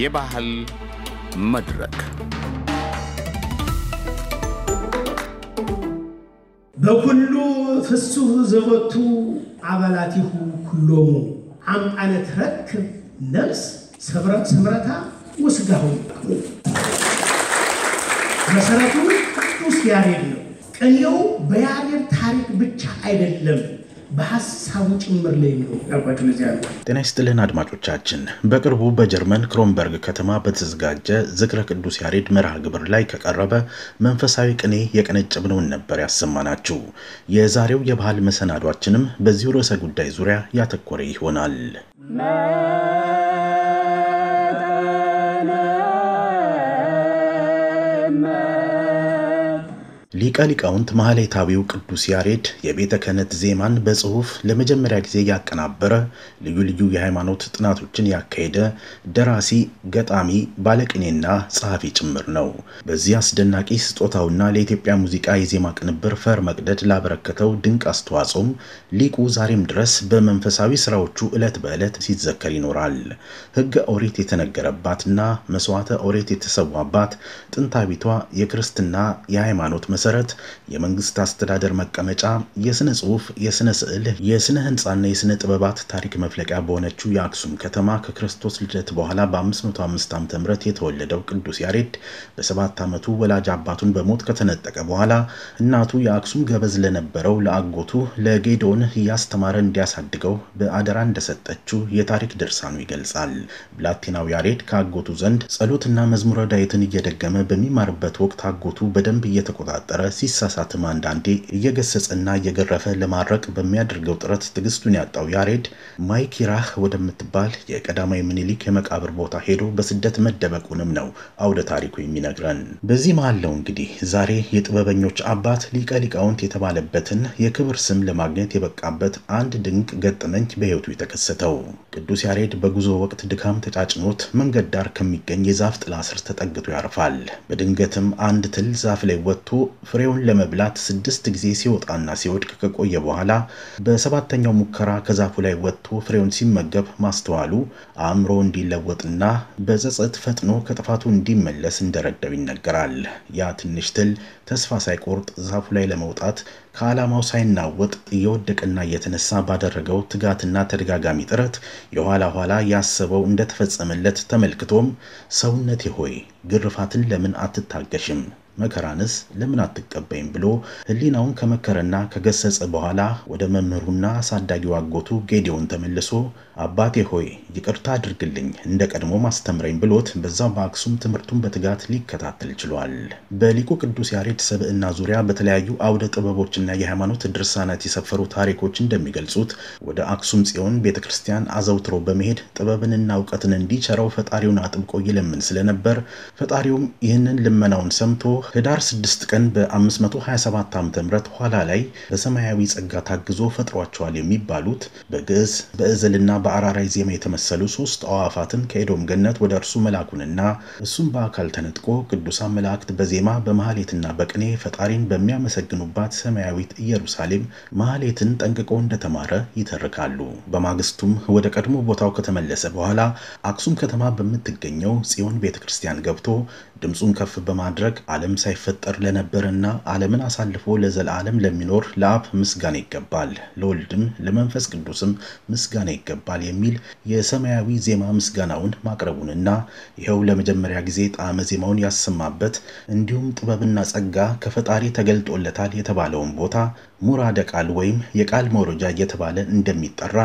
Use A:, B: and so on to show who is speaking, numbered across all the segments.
A: የባህል መድረክ በኩሉ ፍሱህ ዘወቱ አበላቲሁ ኩሎሙ አምጣነ ትረክብ ነፍስ ስምረታ ውስጋሁ መሰረቱ ቅዱስ ያሬድ ነው። ቅኔው በያሬድ ታሪክ ብቻ አይደለም በሀሳቡ
B: ጭምር ላይ ነው ያሉ። ጤና ይስጥልን አድማጮቻችን። በቅርቡ በጀርመን ክሮምበርግ ከተማ በተዘጋጀ ዝክረ ቅዱስ ያሬድ መርሃ ግብር ላይ ከቀረበ መንፈሳዊ ቅኔ የቀነጨብነውን ነበር ያሰማናችሁ። የዛሬው የባህል መሰናዷችንም በዚሁ ርዕሰ ጉዳይ ዙሪያ ያተኮረ ይሆናል። ሊቀ ሊቃውንት ማህሌታዊው ቅዱስ ያሬድ የቤተ ክህነት ዜማን በጽሑፍ ለመጀመሪያ ጊዜ ያቀናበረ፣ ልዩ ልዩ የሃይማኖት ጥናቶችን ያካሄደ ደራሲ፣ ገጣሚ፣ ባለቅኔና ጸሐፊ ጭምር ነው። በዚህ አስደናቂ ስጦታውና ለኢትዮጵያ ሙዚቃ የዜማ ቅንብር ፈር መቅደድ ላበረከተው ድንቅ አስተዋጽኦም ሊቁ ዛሬም ድረስ በመንፈሳዊ ስራዎቹ ዕለት በዕለት ሲዘከር ይኖራል። ሕገ ኦሪት የተነገረባትና መስዋዕተ ኦሪት የተሰዋባት ጥንታዊቷ የክርስትና የሃይማኖት መሰ መሰረት የመንግስት አስተዳደር መቀመጫ የስነ ጽሁፍ፣ የስነ ስዕል፣ የስነ ህንፃና የስነ ጥበባት ታሪክ መፍለቂያ በሆነችው የአክሱም ከተማ ከክርስቶስ ልደት በኋላ በ505 ዓ ም የተወለደው ቅዱስ ያሬድ በሰባት ዓመቱ ወላጅ አባቱን በሞት ከተነጠቀ በኋላ እናቱ የአክሱም ገበዝ ለነበረው ለአጎቱ ለጌዶን እያስተማረ እንዲያሳድገው በአደራ እንደሰጠችው የታሪክ ድርሳኑ ይገልጻል። ብላቴናው ያሬድ ከአጎቱ ዘንድ ጸሎትና መዝሙረ ዳዊትን እየደገመ በሚማርበት ወቅት አጎቱ በደንብ እየተቆጣጠረ እየመከረ ሲሳሳትም አንዳንዴ እየገሰጸና እየገረፈ ለማድረቅ በሚያደርገው ጥረት ትዕግስቱን ያጣው ያሬድ ማይኪራህ ወደምትባል የቀዳማዊ ምኒልክ የመቃብር ቦታ ሄዶ በስደት መደበቁንም ነው አውደ ታሪኩ የሚነግረን። በዚህ መሀል ነው እንግዲህ ዛሬ የጥበበኞች አባት ሊቀ ሊቃውንት የተባለበትን የክብር ስም ለማግኘት የበቃበት አንድ ድንቅ ገጠመኝ በሕይወቱ የተከሰተው። ቅዱስ ያሬድ በጉዞ ወቅት ድካም ተጫጭኖት መንገድ ዳር ከሚገኝ የዛፍ ጥላ ስር ተጠግቶ ያርፋል። በድንገትም አንድ ትል ዛፍ ላይ ወጥቶ ፍሬውን ለመብላት ስድስት ጊዜ ሲወጣና ሲወድቅ ከቆየ በኋላ በሰባተኛው ሙከራ ከዛፉ ላይ ወጥቶ ፍሬውን ሲመገብ ማስተዋሉ አእምሮ እንዲለወጥና በጸጸት ፈጥኖ ከጥፋቱ እንዲመለስ እንደረዳው ይነገራል። ያ ትንሽ ትል ተስፋ ሳይቆርጥ ዛፉ ላይ ለመውጣት ከዓላማው ሳይናወጥ እየወደቀና እየተነሳ ባደረገው ትጋትና ተደጋጋሚ ጥረት የኋላ ኋላ ያሰበው እንደተፈጸመለት ተመልክቶም ሰውነቴ ሆይ ግርፋትን ለምን አትታገሽም? መከራንስ ለምን አትቀበይም ብሎ ህሊናውን ከመከረና ከገሰጸ በኋላ ወደ መምህሩና አሳዳጊው አጎቱ ጌዲዮን ተመልሶ አባቴ ሆይ ይቅርታ አድርግልኝ እንደ ቀድሞ ማስተምረኝ ብሎት በዛው በአክሱም ትምህርቱን በትጋት ሊከታተል ችሏል። በሊቁ ቅዱስ ያሬድ ሰብዕና ዙሪያ በተለያዩ አውደ ጥበቦችና የሃይማኖት ድርሳናት የሰፈሩ ታሪኮች እንደሚገልጹት ወደ አክሱም ጽዮን ቤተ ክርስቲያን አዘውትሮ በመሄድ ጥበብንና እውቀትን እንዲቸረው ፈጣሪውን አጥብቆ ይለምን ስለነበር ፈጣሪውም ይህንን ልመናውን ሰምቶ ህዳር 6 ቀን በ527 ዓ ም ኋላ ላይ በሰማያዊ ጸጋ ታግዞ ፈጥሯቸዋል የሚባሉት በግዕዝ በእዝልና በአራራይ ዜማ የተመ የመሰሉ ሶስት አዋፋትን ከኤዶም ገነት ወደ እርሱ መላኩንና እሱም በአካል ተነጥቆ ቅዱሳን መላእክት በዜማ በመሐሌትና በቅኔ ፈጣሪን በሚያመሰግኑባት ሰማያዊት ኢየሩሳሌም መሐሌትን ጠንቅቆ እንደተማረ ይተርካሉ። በማግስቱም ወደ ቀድሞ ቦታው ከተመለሰ በኋላ አክሱም ከተማ በምትገኘው ጽዮን ቤተ ክርስቲያን ገብቶ ድምፁን ከፍ በማድረግ ዓለም ሳይፈጠር ለነበርና ዓለምን አሳልፎ ለዘላለም ለሚኖር ለአብ ምስጋና ይገባል፣ ለወልድም ለመንፈስ ቅዱስም ምስጋና ይገባል የሚል የሰማያዊ ዜማ ምስጋናውን ማቅረቡንና ይኸው ለመጀመሪያ ጊዜ ጣዕመ ዜማውን ያሰማበት እንዲሁም ጥበብና ጸጋ ከፈጣሪ ተገልጦለታል የተባለውን ቦታ ሙራደ ቃል ወይም የቃል መውረጃ እየተባለ እንደሚጠራ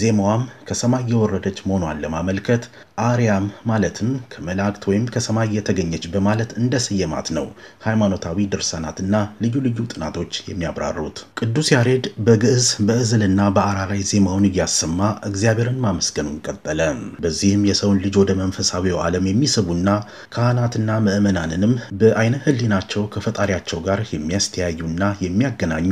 B: ዜማዋም ከሰማይ የወረደች መሆኗን ለማመልከት አርያም ማለትም ከመላእክት ወይም ከሰማይ የተገኘ ተገኘች በማለት እንደ ስየማት ነው ሃይማኖታዊ ድርሳናትና ልዩ ልዩ ጥናቶች የሚያብራሩት። ቅዱስ ያሬድ በግዕዝ በእዝልና በአራራይ ዜማውን እያሰማ እግዚአብሔርን ማመስገኑን ቀጠለ። በዚህም የሰውን ልጅ ወደ መንፈሳዊው ዓለም የሚስቡና ካህናትና ምዕመናንንም በአይነ ህሊናቸው ከፈጣሪያቸው ጋር የሚያስተያዩና የሚያገናኙ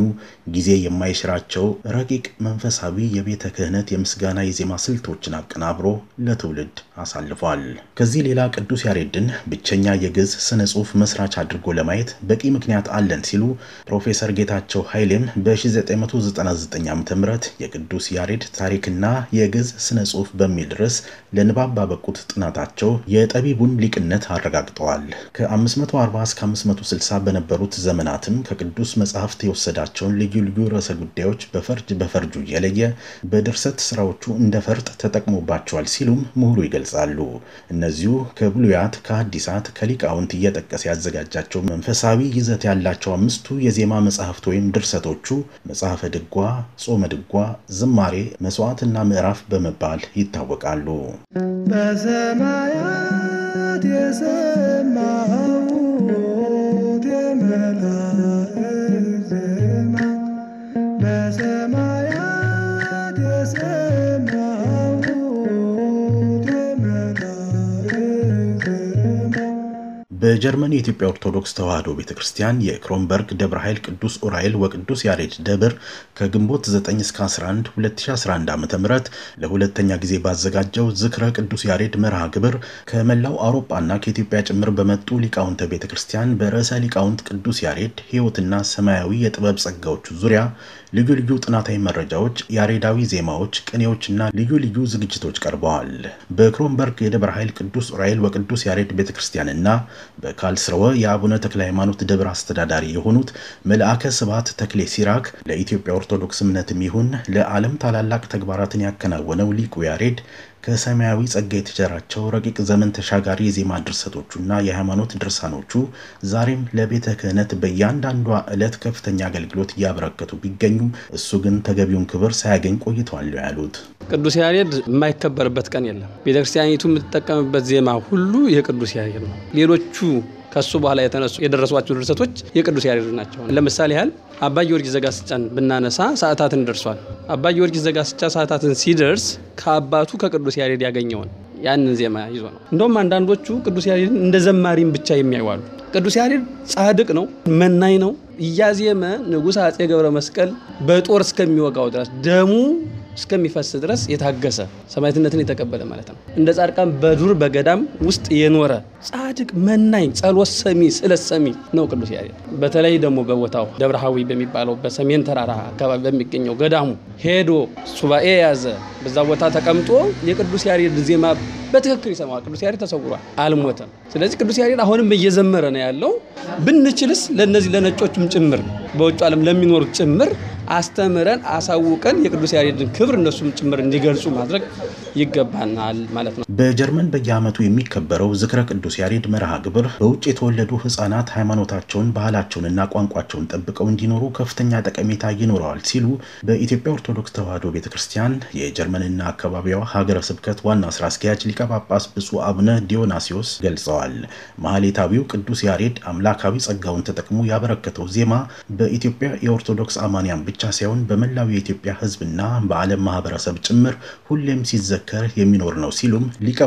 B: ጊዜ የማይሽራቸው ረቂቅ መንፈሳዊ የቤተ ክህነት የምስጋና የዜማ ስልቶችን አቀናብሮ ለትውልድ አሳልፏል። ከዚህ ሌላ ቅዱስ ያሬድን ብቸኛ የግዕዝ ስነ ጽሁፍ መስራች አድርጎ ለማየት በቂ ምክንያት አለን ሲሉ ፕሮፌሰር ጌታቸው ኃይሌም በ1999 ዓ ም የቅዱስ ያሬድ ታሪክና የግዕዝ ስነ ጽሁፍ በሚል ርዕስ ለንባብ ባበቁት ጥናታቸው የጠቢቡን ሊቅነት አረጋግጠዋል። ከ540 እስከ 560 በነበሩት ዘመናትም ከቅዱስ መጽሐፍት የወሰዳቸውን ልዩ ልዩ ርዕሰ ጉዳዮች በፈርጅ በፈርጁ እየለየ በድርሰት ስራዎቹ እንደ ፈርጥ ተጠቅሞባቸዋል ሲሉም ምሁሩ ይገልጻሉ። እነዚሁ ከብሉያት፣ ከአዲሳት ከሊቃውንት እየጠቀሰ ያዘጋጃቸው መንፈሳዊ ይዘት ያላቸው አምስቱ የዜማ መጽሐፍት ወይም ድርሰቶቹ መጽሐፈ ድጓ፣ ጾመ ድጓ፣ ዝማሬ፣ መስዋዕትና ምዕራፍ በመባል ይታወቃሉ። በሰማያት የሰማኸው በጀርመን የኢትዮጵያ ኦርቶዶክስ ተዋሕዶ ቤተ ክርስቲያን የክሮንበርግ ደብረ ኃይል ቅዱስ ኡራኤል ወቅዱስ ያሬድ ደብር ከግንቦት 9 እስከ 11 2011 ዓ ም ለሁለተኛ ጊዜ ባዘጋጀው ዝክረ ቅዱስ ያሬድ መርሃ ግብር ከመላው አውሮፓና ከኢትዮጵያ ጭምር በመጡ ሊቃውንተ ቤተ ክርስቲያን በርዕሰ ሊቃውንት ቅዱስ ያሬድ ሕይወትና ሰማያዊ የጥበብ ጸጋዎቹ ዙሪያ ልዩ ልዩ ጥናታዊ መረጃዎች፣ ያሬዳዊ ዜማዎች፣ ቅኔዎችና ልዩ ልዩ ዝግጅቶች ቀርበዋል። በክሮንበርግ የደብረ ኃይል ቅዱስ ዑራኤል ወቅዱስ ያሬድ ቤተ ክርስቲያንና በካልስረወ የአቡነ ተክለ ሃይማኖት ደብር አስተዳዳሪ የሆኑት መልአከ ስብሐት ተክሌ ሲራክ ለኢትዮጵያ ኦርቶዶክስ እምነትም ይሁን ለዓለም ታላላቅ ተግባራትን ያከናወነው ሊቁ ያሬድ ከሰማያዊ ጸጋ የተቸራቸው ረቂቅ ዘመን ተሻጋሪ የዜማ ድርሰቶቹና የሃይማኖት ድርሳኖቹ ዛሬም ለቤተ ክህነት በእያንዳንዷ ዕለት ከፍተኛ አገልግሎት እያበረከቱ ቢገኙም እሱ ግን ተገቢውን ክብር ሳያገኝ ቆይተዋል ያሉት
C: ቅዱስ ያሬድ የማይከበርበት ቀን የለም። ቤተክርስቲያኒቱ የምትጠቀምበት ዜማ ሁሉ የቅዱስ ያሬድ ነው። ሌሎቹ ከሱ በኋላ የተነሱ የደረሷቸው ድርሰቶች የቅዱስ ያሬድ ናቸው። ለምሳሌ ያህል አባ ጊዮርጊስ ዘጋስጫን ብናነሳ ሰዓታትን ደርሷል። አባ ጊዮርጊስ ዘጋስጫ ሰዓታትን ሲደርስ ከአባቱ ከቅዱስ ያሬድ ያገኘውን ያንን ዜማ ይዞ ነው። እንደውም አንዳንዶቹ ቅዱስ ያሬድን እንደ ዘማሪም ብቻ የሚያዩዋሉ። ቅዱስ ያሬድ ጻድቅ ነው፣ መናኝ ነው። እያዜመ ንጉሥ አፄ ገብረ መስቀል በጦር እስከሚወጋው ድረስ ደሙ እስከሚፈስ ድረስ የታገሰ ሰማዕትነትን የተቀበለ ማለት ነው። እንደ ጻድቃን በዱር በገዳም ውስጥ የኖረ ጻድቅ መናኝ፣ ጸሎት ሰሚ፣ ስለ ሰሚ ነው ቅዱስ ያሬድ። በተለይ ደግሞ በቦታው ደብረሃዊ በሚባለው በሰሜን ተራራ አካባቢ በሚገኘው ገዳሙ ሄዶ ሱባኤ የያዘ በዛ ቦታ ተቀምጦ የቅዱስ ያሬድ ዜማ በትክክል ይሰማዋል። ቅዱስ ያሬድ ተሰውሯል፣ አልሞተም። ስለዚህ ቅዱስ ያሬድ አሁንም እየዘመረ ነው ያለው። ብንችልስ ለእነዚህ ለነጮችም ጭምር በውጭ ዓለም ለሚኖሩት ጭምር አስተምረን አሳውቀን የቅዱስ ያሬድን ክብር እነሱም ጭምር እንዲገልጹ ማድረግ ይገባናል ማለት ነው።
B: በጀርመን በየዓመቱ የሚከበረው ዝክረ ቅዱስ ያሬድ መርሃ ግብር በውጭ የተወለዱ ህጻናት ሃይማኖታቸውን፣ ባህላቸውንና ቋንቋቸውን ጠብቀው እንዲኖሩ ከፍተኛ ጠቀሜታ ይኖረዋል ሲሉ በኢትዮጵያ ኦርቶዶክስ ተዋሕዶ ቤተ ክርስቲያን የጀርመንና አካባቢዋ ሀገረ ስብከት ዋና ስራ አስኪያጅ ሊቀ ጳጳስ ብፁዕ አቡነ ዲዮናሲዮስ ገልጸዋል። ማህሌታዊው ቅዱስ ያሬድ አምላካዊ ጸጋውን ተጠቅሞ ያበረከተው ዜማ በኢትዮጵያ የኦርቶዶክስ አማንያን ብቻ ሳይሆን በመላው የኢትዮጵያ ህዝብና በዓለም ማህበረሰብ ጭምር ሁሌም ሲዘ እየመሰከረ የሚኖር ነው ሲሉም ሊቀ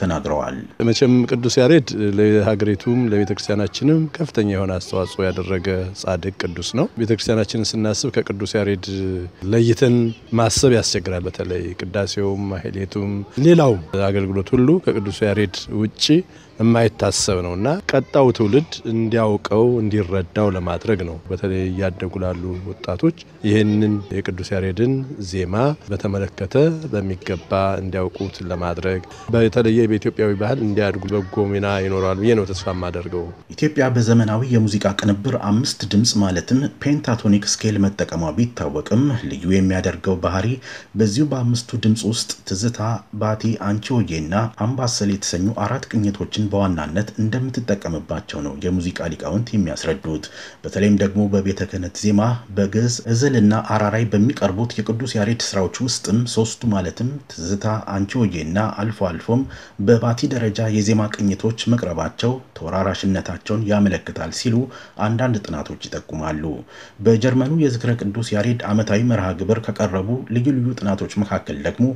B: ተናግረዋል። መቼም ቅዱስ ያሬድ ለሀገሪቱም ለቤተ ክርስቲያናችንም ከፍተኛ የሆነ አስተዋጽኦ ያደረገ ጻድቅ ቅዱስ ነው። ቤተ ክርስቲያናችንን ስናስብ ከቅዱስ ያሬድ ለይተን ማሰብ ያስቸግራል። በተለይ ቅዳሴውም፣ ማህሌቱም፣ ሌላውም አገልግሎት ሁሉ ከቅዱስ ያሬድ ውጭ የማይታሰብ ነው እና ቀጣው ትውልድ እንዲያውቀው እንዲረዳው ለማድረግ ነው። በተለይ እያደጉ ላሉ ወጣቶች ይህንን የቅዱስ ያሬድን ዜማ በተመለከተ በሚገባ እንዲያውቁት ለማድረግ በተለየ በኢትዮጵያዊ ባህል እንዲያድጉ በጎ ሚና ይኖራል ብዬ ነው ተስፋ የማደርገው። ኢትዮጵያ በዘመናዊ የሙዚቃ ቅንብር አምስት ድምፅ ማለትም ፔንታቶኒክ ስኬል መጠቀሟ ቢታወቅም ልዩ የሚያደርገው ባህሪ በዚሁ በአምስቱ ድምፅ ውስጥ ትዝታ፣ ባቲ፣ አንቺሆዬና አምባሰል የተሰኙ አራት ቅኝቶችን በዋናነት እንደምትጠቀምባቸው ነው የሙዚቃ ሊቃውንት የሚያስረዱት። በተለይም ደግሞ በቤተ ክህነት ዜማ፣ በግዕዝ፣ እዝልና አራራይ በሚቀርቡት የቅዱስ ያሬድ ስራዎች ውስጥም ሶስቱ ማለትም ትዝታ፣ አንቺ ወዬና አልፎ አልፎም በባቲ ደረጃ የዜማ ቅኝቶች መቅረባቸው ተወራራሽነታቸውን ያመለክታል ሲሉ አንዳንድ ጥናቶች ይጠቁማሉ። በጀርመኑ የዝክረ ቅዱስ ያሬድ ዓመታዊ መርሃ ግብር ከቀረቡ ልዩ ልዩ ጥናቶች መካከል ደግሞ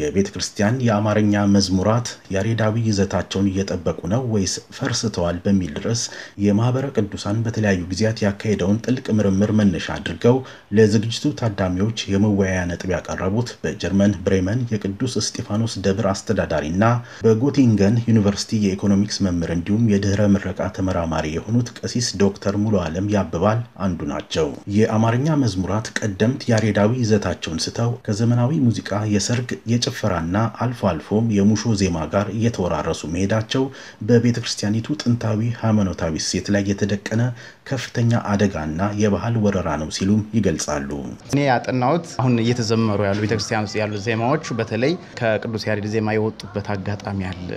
B: የቤተ ክርስቲያን የአማርኛ መዝሙራት ያሬዳዊ ይዘታቸውን እየጠበቁ እየተጠናቀቁ ነው ወይስ ፈርስተዋል በሚል ርዕስ የማህበረ ቅዱሳን በተለያዩ ጊዜያት ያካሄደውን ጥልቅ ምርምር መነሻ አድርገው ለዝግጅቱ ታዳሚዎች የመወያያ ነጥብ ያቀረቡት በጀርመን ብሬመን የቅዱስ እስጢፋኖስ ደብር አስተዳዳሪና በጎቲንገን ዩኒቨርሲቲ የኢኮኖሚክስ መምህር እንዲሁም የድህረ ምረቃ ተመራማሪ የሆኑት ቀሲስ ዶክተር ሙሉ ዓለም ያብባል አንዱ ናቸው። የአማርኛ መዝሙራት ቀደምት ያሬዳዊ ይዘታቸውን ስተው ከዘመናዊ ሙዚቃ የሰርግ፣ የጭፈራና አልፎ አልፎም የሙሾ ዜማ ጋር እየተወራረሱ መሄዳቸው በቤተ ክርስቲያኒቱ ጥንታዊ ሃይማኖታዊ ሴት ላይ የተደቀነ ከፍተኛ አደጋና የባህል ወረራ ነው ሲሉም ይገልጻሉ።
A: እኔ ያጠናሁት አሁን እየተዘመሩ ያሉ ቤተክርስቲያን ውስጥ ያሉ ዜማዎች በተለይ ከቅዱስ ያሬድ ዜማ የወጡበት አጋጣሚ አለ።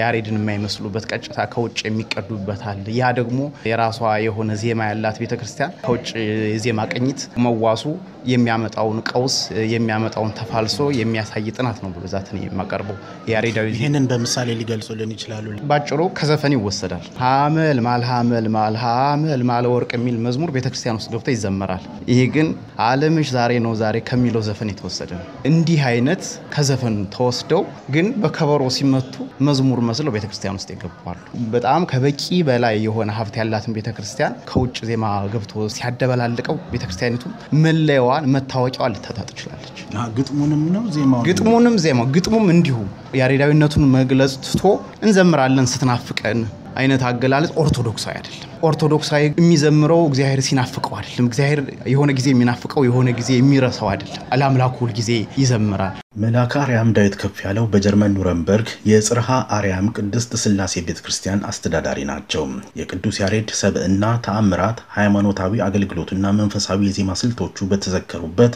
A: ያሬድን የማይመስሉበት ቀጭታ ከውጭ የሚቀዱበታል። ያ ደግሞ የራሷ የሆነ ዜማ ያላት ቤተክርስቲያን ከውጭ የዜማ ቅኝት መዋሱ የሚያመጣውን ቀውስ የሚያመጣውን ተፋልሶ የሚያሳይ ጥናት ነው በብዛት የማቀርበው። ያሬዳዊ
B: ይህንን በምሳሌ ሊገልጹልን ይችላሉ?
A: ባጭሩ ከዘፈን ይወሰዳል። ሀመል ማል ሀመል ማል ሀመል ማለ ወርቅ የሚል መዝሙር ቤተክርስቲያን ውስጥ ገብቶ ይዘመራል። ይሄ ግን አለምሽ ዛሬ ነው ዛሬ ከሚለው ዘፈን የተወሰደ ነው። እንዲህ አይነት ከዘፈን ተወስደው ግን በከበሮ ሲመቱ መዝሙ መዝሙር መስለው ቤተክርስቲያን ውስጥ ይገባሉ። በጣም ከበቂ በላይ የሆነ ሀብት ያላትን ቤተክርስቲያን ከውጭ ዜማ ገብቶ ሲያደበላልቀው ቤተክርስቲያኒቱ መለያዋን መታወቂያዋ ልታጣ ትችላለች።
B: ግጥሙንም ነው ዜማ
A: ግጥሙንም ዜማ ግጥሙም እንዲሁ ያሬዳዊነቱን መግለጽ ትቶ እንዘምራለን ስትናፍቀን አይነት አገላለጽ ኦርቶዶክሳዊ አይደለም። ኦርቶዶክሳዊ የሚዘምረው እግዚአብሔር ሲናፍቀው አይደለም። እግዚአብሔር የሆነ ጊዜ የሚናፍቀው የሆነ ጊዜ የሚረሳው አይደለም። አላምላኩ ሁል
B: ጊዜ ይዘምራል። መልአከ አርያም ዳዊት ከፍ ያለው በጀርመን ኑረንበርግ የጽርሃ አርያም ቅድስት ስላሴ ቤተ ክርስቲያን አስተዳዳሪ ናቸው። የቅዱስ ያሬድ ሰብዕና፣ ተአምራት፣ ሃይማኖታዊ አገልግሎቱና መንፈሳዊ የዜማ ስልቶቹ በተዘከሩበት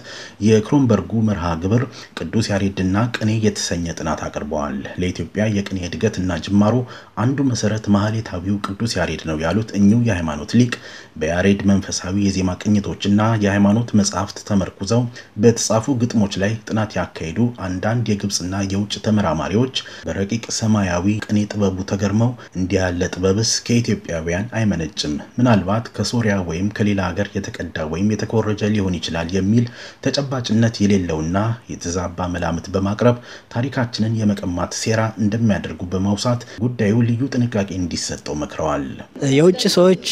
B: የክሮንበርጉ መርሃ ግብር ቅዱስ ያሬድና ቅኔ የተሰኘ ጥናት አቅርበዋል። ለኢትዮጵያ የቅኔ እድገት እና ጅማሮ አንዱ መሰረት ማህሌታዊው ቅዱስ ያሬድ ነው ያሉት እኚሁ የሃይማኖት ሊቅ በያሬድ መንፈሳዊ የዜማ ቅኝቶችና የሃይማኖት መጽሐፍት ተመርኩዘው በተጻፉ ግጥሞች ላይ ጥናት ያካሄዱ አንዳንድ የግብፅና የውጭ ተመራማሪዎች በረቂቅ ሰማያዊ ቅኔ ጥበቡ ተገርመው እንዲህ ያለ ጥበብስ ከኢትዮጵያውያን አይመነጭም፣ ምናልባት ከሶሪያ ወይም ከሌላ ሀገር የተቀዳ ወይም የተኮረጀ ሊሆን ይችላል የሚል ተጨባጭነት የሌለውና የተዛባ መላምት በማቅረብ ታሪካችንን የመቀማት ሴራ እንደሚያደርጉ በማውሳት ጉዳዩ ልዩ ጥንቃቄ እንዲሰጠው መክረዋል።
D: የውጭ ሰዎች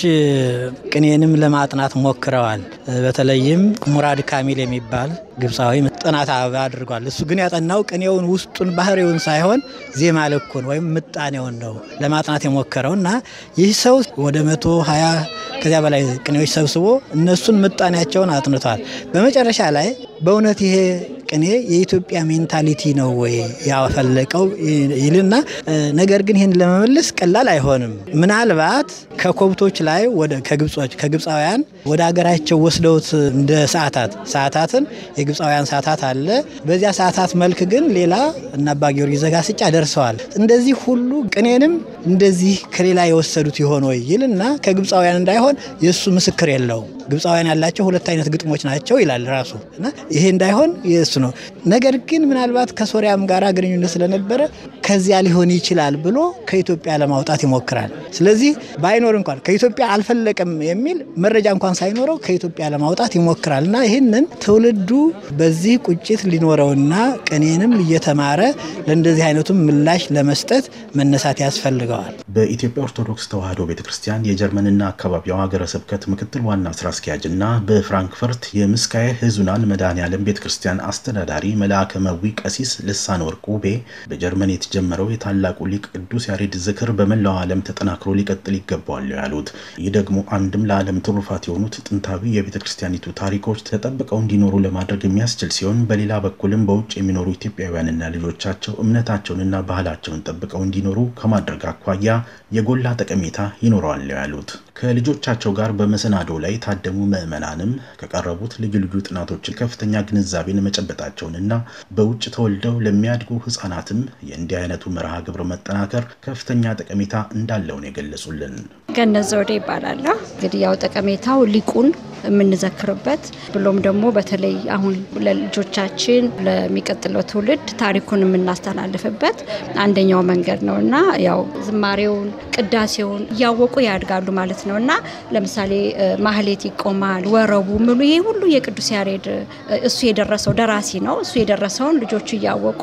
D: ቅኔንም ለማጥናት ሞክረዋል። በተለይም ሙራድ ካሚል የሚባል ግብፃዊ ጥናት አድርጓል። እሱ ግን ያጠናው ቅኔውን ውስጡን ባህሪውን ሳይሆን ዜማ ልኩን ወይም ምጣኔውን ነው ለማጥናት የሞከረው እና ይህ ሰው ወደ መቶ ሀያ ከዚያ በላይ ቅኔዎች ሰብስቦ እነሱን ምጣኔያቸውን አጥንቷል። በመጨረሻ ላይ በእውነት ይሄ ቅኔ የኢትዮጵያ ሜንታሊቲ ነው ወይ ያፈለቀው ይልና፣ ነገር ግን ይህን ለመመለስ ቀላል አይሆንም። ምናልባት ከኮብቶች ላይ ወደ ከግብጾች ከግብፃውያን ወደ ሀገራቸው ወስደውት እንደ ሰዓታት ሰዓታትን የግብፃውያን ሰዓታት አለ። በዚያ ሰዓታት መልክ ግን ሌላ እና አባ ጊዮርጊስ ዘጋስጫ ደርሰዋል። እንደዚህ ሁሉ ቅኔንም እንደዚህ ከሌላ የወሰዱት ይሆን ወይ ይልና ከግብፃውያን እንዳይሆን የእሱ ምስክር የለውም። ግብፃውያን ያላቸው ሁለት አይነት ግጥሞች ናቸው ይላል ራሱ እና ይሄ እንዳይሆን የእሱ ነው። ነገር ግን ምናልባት ከሶሪያም ጋር ግንኙነት ስለነበረ ከዚያ ሊሆን ይችላል ብሎ ከኢትዮጵያ ለማውጣት ይሞክራል። ስለዚህ ባይኖር እንኳን ከኢትዮጵያ አልፈለቅም የሚል መረጃ እንኳን ሳይኖረው ከኢትዮጵያ ለማውጣት ይሞክራል እና ይህንን ትውልዱ በዚህ ቁጭት ሊኖረውና ቅኔንም እየተማረ ለእንደዚህ አይነቱም ምላሽ ለመስጠት መነሳት ያስፈልገዋል።
B: በኢትዮጵያ ኦርቶዶክስ ተዋሕዶ ቤተክርስቲያን የጀርመንና አካባቢው ሀገረ ስብከት ምክትል ዋና ስራ አስኪያጅና በፍራንክፈርት የምስካየ ህዙናን መድኃኔዓለም ቤተ ክርስቲያን አስተዳዳሪ መልአከ መዊ ቀሲስ ልሳን ወርቁ ቤ በጀርመን የተጀመረው የታላቁ ሊቅ ቅዱስ ያሬድ ዝክር በመላው ዓለም ተጠናክሮ ሊቀጥል ይገባዋል ያሉት፣ ይህ ደግሞ አንድም ለዓለም ትሩፋት የሆኑት ጥንታዊ የቤተ ክርስቲያኒቱ ታሪኮች ተጠብቀው እንዲኖሩ ለማድረግ የሚያስችል ሲሆን በሌላ በኩልም በውጭ የሚኖሩ ኢትዮጵያውያንና ልጆቻቸው እምነታቸውንና ባህላቸውን ጠብቀው እንዲኖሩ ከማድረግ አኳያ የጎላ ጠቀሜታ ይኖረዋል ያሉት ከልጆቻቸው ጋር በመሰናዶ ላይ ታደሙ ምዕመናንም ከቀረቡት ልዩ ልዩ ጥናቶች ከፍተኛ ግንዛቤን መጨበጣቸውንና በውጭ ተወልደው ለሚያድጉ ህጻናትም የእንዲህ አይነቱ መርሃ ግብር መጠናከር ከፍተኛ ጠቀሜታ እንዳለውን የገለጹልን።
C: ገነት ዘውዴ ይባላለሁ። እንግዲህ ያው ጠቀሜታው ሊቁን የምንዘክርበት ብሎም ደግሞ በተለይ አሁን ለልጆቻችን ለሚቀጥለው ትውልድ ታሪኩን የምናስተላልፍበት አንደኛው መንገድ ነው እና ያው ዝማሬውን ቅዳሴውን እያወቁ ያድጋሉ ማለት ነው እና ለምሳሌ ማህሌት ይቆማል፣ ወረቡ ምሉ ይሄ ሁሉ የቅዱስ ያሬድ እሱ የደረሰው ደራሲ ነው። እሱ የደረሰውን ልጆቹ እያወቁ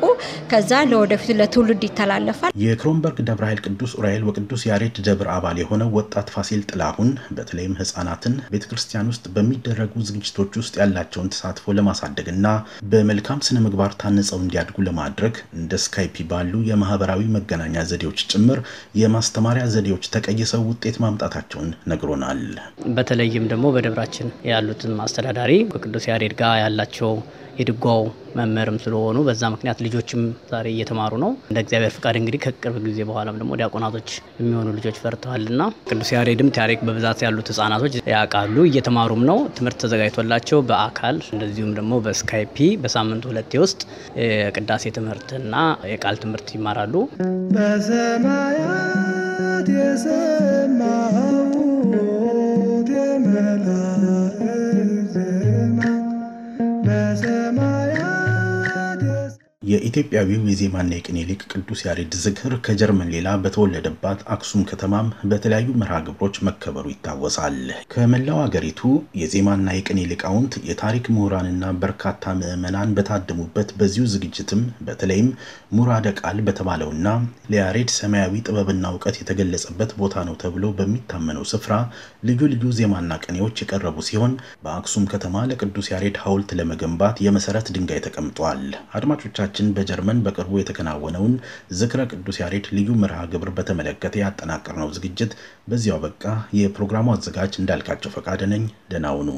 C: ከዛ ለወደፊት ለትውልድ ይተላለፋል።
B: የክሮንበርግ ደብረ ኃይል ቅዱስ ዑራኤል ወቅዱስ ያሬድ ደብር አባል የሆነ ወጣት ፋሲል ጥላሁን በተለይም ህጻናትን ቤተክርስቲያን ውስጥ ውስጥ በሚደረጉ ዝግጅቶች ውስጥ ያላቸውን ተሳትፎ ለማሳደግና በመልካም ስነ ምግባር ታንጸው እንዲያድጉ ለማድረግ እንደ ስካይፒ ባሉ የማህበራዊ መገናኛ ዘዴዎች ጭምር የማስተማሪያ ዘዴዎች ተቀይሰው ውጤት ማምጣታቸውን ነግሮናል።
D: በተለይም ደግሞ በደብራችን ያሉትን አስተዳዳሪ ከቅዱስ ያሬድ ጋር ያላቸው የድጓው መምህርም ስለሆኑ በዛ ምክንያት ልጆችም ዛሬ እየተማሩ ነው። እንደ እግዚአብሔር ፍቃድ እንግዲህ ከቅርብ ጊዜ በኋላም ደግሞ ዲያቆናቶች የሚሆኑ ልጆች ፈርተዋልና ቅዱስ ያሬድም ታሪክ በብዛት ያሉት ህጻናቶች ያውቃሉ እየተማሩም ነው። ትምህርት ተዘጋጅቶላቸው በአካል እንደዚሁም ደግሞ በስካይፒ በሳምንት ሁለቴ ውስጥ የቅዳሴ ትምህርትና የቃል ትምህርት ይማራሉ።
B: በሰማያት የሰማ የኢትዮጵያዊው የዜማና የቅኔ ሊቅ ቅዱስ ያሬድ ዝክር ከጀርመን ሌላ በተወለደባት አክሱም ከተማም በተለያዩ መርሃ ግብሮች መከበሩ ይታወሳል። ከመላው አገሪቱ የዜማና የቅኔ ሊቃውንት፣ የታሪክ ምሁራንና በርካታ ምዕመናን በታደሙበት በዚሁ ዝግጅትም በተለይም ሙራደ ቃል በተባለውና ለያሬድ ሰማያዊ ጥበብና እውቀት የተገለጸበት ቦታ ነው ተብሎ በሚታመነው ስፍራ ልዩ ልዩ ዜማና ቅኔዎች የቀረቡ ሲሆን በአክሱም ከተማ ለቅዱስ ያሬድ ሐውልት ለመገንባት የመሰረት ድንጋይ ተቀምጧል። አድማጮቻችን ቴሌቪዥን በጀርመን በቅርቡ የተከናወነውን ዝክረ ቅዱስ ያሬድ ልዩ መርሃ ግብር በተመለከተ ያጠናቀርነው ዝግጅት በዚያው በቃ። የፕሮግራሙ አዘጋጅ እንዳልካቸው ፈቃደ ነኝ። ደህና ሁኑ።